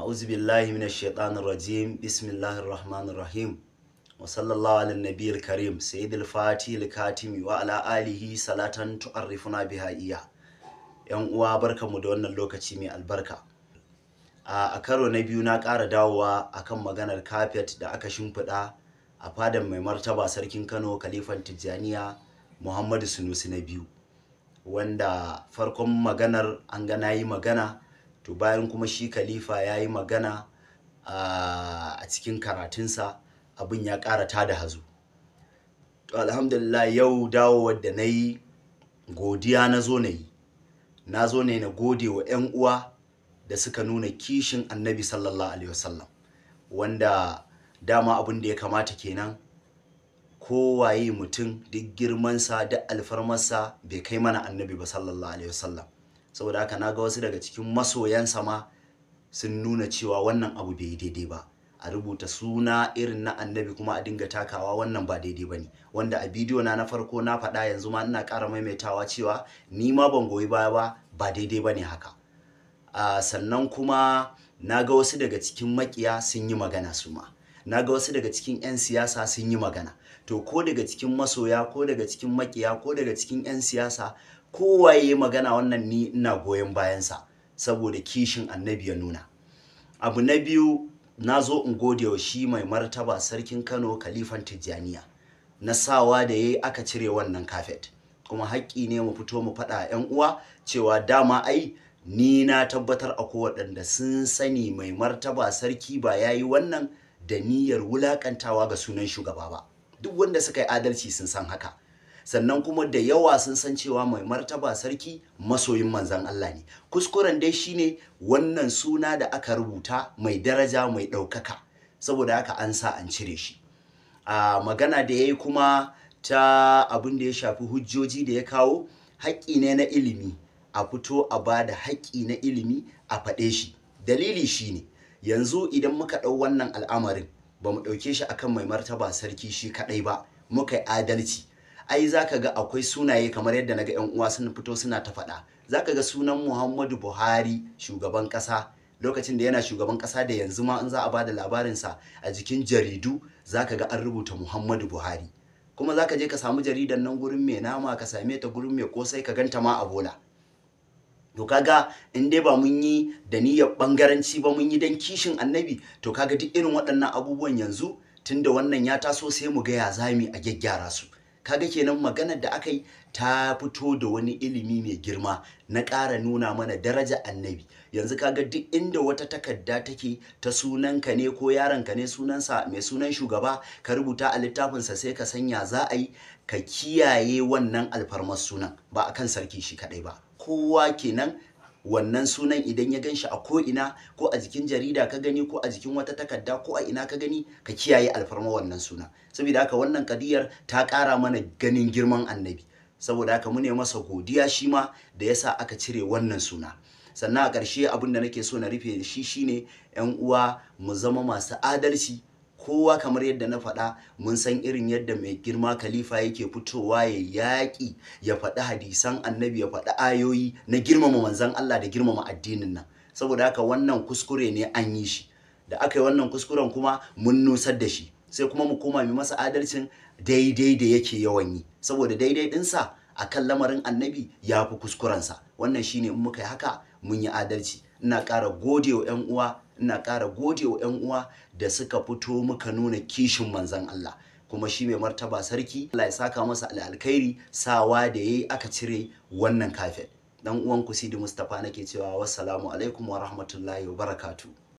أعوذ بالله من الشيطان الرجيم بسم الله الرحمن الرحيم وصلى الله على النبي الكريم سيد الفاتح الكاتم وعلى آله صلاة تعرفنا بها إياه ‘Yan uwa mu da wannan lokaci mai albarka. A karo na biyu na ƙara dawowa akan maganar kafet da aka shimfiɗa a fadan mai martaba sarkin Kano Khalifan Tijjaniya Muhammadu Sunusi na biyu, wanda farkon maganar an gana yi magana to bayan kuma shi khalifa ya yi magana a cikin karatunsa abin ya ƙara ta da hazo to alhamdulillah yau dawo da na yi godiya na zo na yi na zo ne na gode wa 'yan uwa da suka nuna kishin annabi sallallahu alaihi wasallam wanda dama abin da ya kamata kenan kowaye mutum duk girmansa duk alfarmarsa bai kai mana annabi ba sallallahu alaihi wasallam saboda haka naga wasu daga cikin masoyansa ma sun nuna cewa wannan abu bai daidai ba a rubuta suna irin na annabi kuma a dinga takawa wannan ba daidai ba ne wanda a bidiyo na na farko na faɗa yanzu ma ina ƙara maimaitawa cewa ni ma ban goyi baya ba ba daidai ba ne haka uh, sannan kuma na ga wasu daga cikin maƙiya sun yi magana su ma na ga wasu daga cikin 'yan siyasa sun yi magana to ko daga cikin masoya ko daga cikin maƙiya ko daga cikin 'yan siyasa kowa yayi magana wannan ni ina goyon bayansa saboda kishin annabi ya nuna abu na biyu na zo in gode wa shi mai martaba sarkin kano kalifan tijjaniya na sawa da ya aka cire wannan kafet kuma haƙƙi ne mu fito mu faɗa 'yan uwa cewa dama ai ni na tabbatar a ko waɗanda sun sani mai martaba sarki ba ya yi wannan da niyyar wulaƙantawa ga sunan shugaba ba duk wanda suka yi adalci sun san haka sannan kuma da yawa sun san cewa mai martaba sarki masoyin manzan Allah ne kuskuren dai shine wannan suna da aka rubuta mai daraja mai ɗaukaka saboda haka an sa an cire shi a magana da ya yi kuma ta abin da ya shafi hujjoji da ya kawo haƙƙi ne na ilimi a fito a ba da haƙƙi na ilimi a faɗe shi dalili shine yanzu idan muka ɗau wannan al'amarin bamu mu ɗauke shi akan mai martaba sarki shi kaɗai ba muka yi adalci ai zaka ga akwai sunaye kamar yadda naga yan uwa sun fito suna ta faɗa zaka ga sunan Muhammadu Buhari shugaban ƙasa lokacin da yana shugaban ƙasa da yanzu ma in za a bada labarinsa a jikin jaridu zaka ga an rubuta Muhammadu Buhari kuma zaka je ka samu jaridan nan gurin mai nama ka same ta gurin mai kosai ka ganta ma a bola to kaga in dai ba mun yi da niyyar bangaranci ba mun yi dan kishin annabi to kaga duk irin waɗannan abubuwan yanzu tunda wannan ya taso sai mu ga ya zami a gyaggyara su kaga kenan maganar da aka yi ta fito da wani ilimi mai girma na ƙara nuna mana daraja annabi yanzu kaga duk inda wata takarda take ta sunanka ne ko yaronka ne sunansa mai sunan shugaba ka rubuta a littafinsa sai ka sanya za a yi ka kiyaye wannan alfarmar sunan ba a kan sarki shi kaɗai ba kowa kenan wannan sunan idan ya ganshi a ko'ina ko a jikin jarida ka gani ko a jikin wata takarda ko a ina ka gani ka kiyaye alfarma wannan suna saboda haka wannan kadiyar ta kara mana ganin girman annabi saboda haka mune masa godiya shi ma da yasa aka cire wannan suna sannan a ƙarshe abin da nake so na rufe shi shine 'yan uwa mu zama masu adalci kowa kamar yadda na faɗa mun san irin yadda mai girma khalifa yake fitowa ya yaƙi ya faɗi hadisan annabi ya faɗi ayoyi na girmama manzan Allah da girmama addinin nan saboda haka wannan kuskure ne an yi shi da aka yi wannan kuskuren kuma mun nusar da shi sai kuma mu koma mai masa adalcin daidai da yake yawan yi saboda daidai ɗinsa a kan lamarin annabi ya fi kuskurensa wannan shine in muka yi haka mun yi adalci ina kara gode wa 'yan uwa ina ƙara gode wa 'yan uwa da suka fito muka nuna kishin manzan Allah kuma shi mai martaba sarki Allah ya saka masa alkhairi sawa da yayi aka cire wannan kafet dan uwan ku Sidi Mustapha nake cewa wassalamu alaikum wa rahmatullahi wa barakatuh